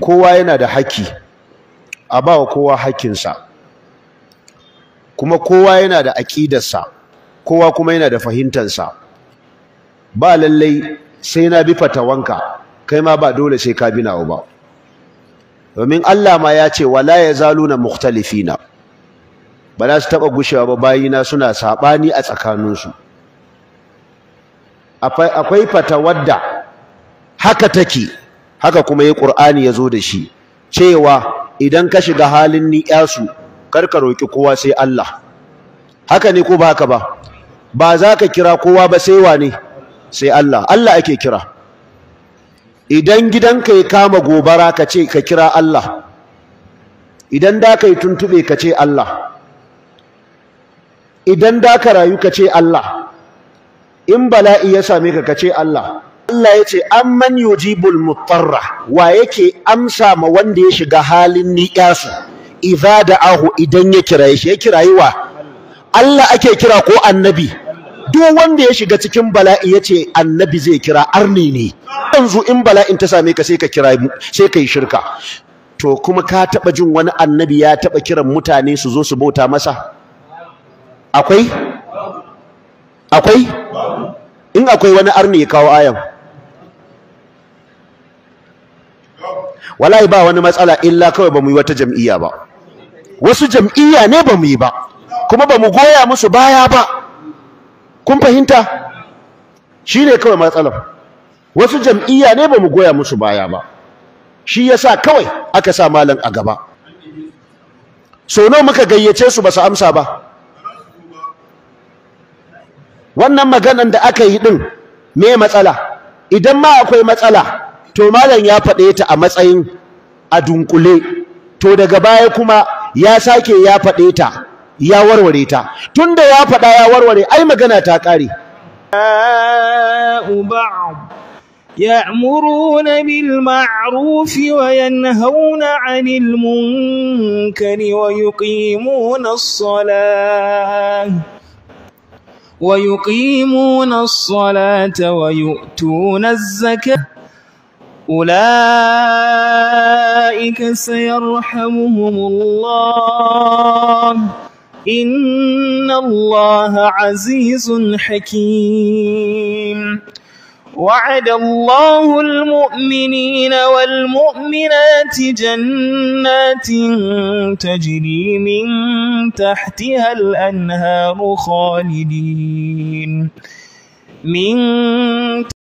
kowa yana da haki a ba wa kowa hakinsa kuma kowa yana da aƙidarsa kowa kuma yana da fahimtarsa ba lallai sai na bi fatawanka kai ma ba dole sai ka bi nawa ba domin Allah ma ya ce wala ya zaluna mukhtalifina ba za su taɓa gushewa ba bayina suna saɓani a tsakaninsu akwai fatawar da haka take haka kuma ya Qur'ani ya zo da shi cewa idan ka shiga halin ni'yasu kar ka roki kowa sai Allah haka ne ko ba haka ba ba za ka kira kowa ba sai wane sai Allah Allah ake kira idan gidanka ya kama gobara ka ce ka kira Allah idan da ka yi tuntube ka ce Allah idan da ka rayu ka ce Allah in bala'i ya same ka ka ce Allah Allah ya ce an man yujibul mutarra wa yake amsa ma wanda ya shiga halin niyasu idza da'ahu idan ya kiraye shi ya kiraye wa Allah ake kira ko annabi duk wanda ya shiga cikin bala'i ya ce annabi zai kira arni ne yanzu in bala'in ta same ka sai ka kira sai ka yi shirka to kuma ka taɓa jin wani annabi ya taɓa kiran mutane su zo su bauta masa akwai akwai in akwai wani arni ya kawo ayan wallahi ba wani matsala illa kawai ba mu yi wata jam'iyya ba wasu jam'iyya ne ba mu yi ba kuma ba mu goya musu baya ba kun fahimta shi ne kawai matsalar wasu jam'iyya ne ba mu goya musu baya ba shi yasa kawai aka sa malam a gaba so nawa muka gayyace su ba su amsa ba wannan maganan da aka yi din me matsala idan ma akwai matsala to malam ya faɗe ta a matsayin a dunkule to daga baya kuma ya sake ya faɗe ta ya warware ta tunda ya faɗa ya warware ai magana ta ƙare يأمرون بالمعروف وينهون عن المنكر ويقيمون الصلاة ويقيمون الصلاة ويؤتون الزكاة أولئك سيرحمهم الله إن الله عزيز حكيم وعد الله المؤمنين والمؤمنات جنات تجري من تحتها الأنهار خالدين من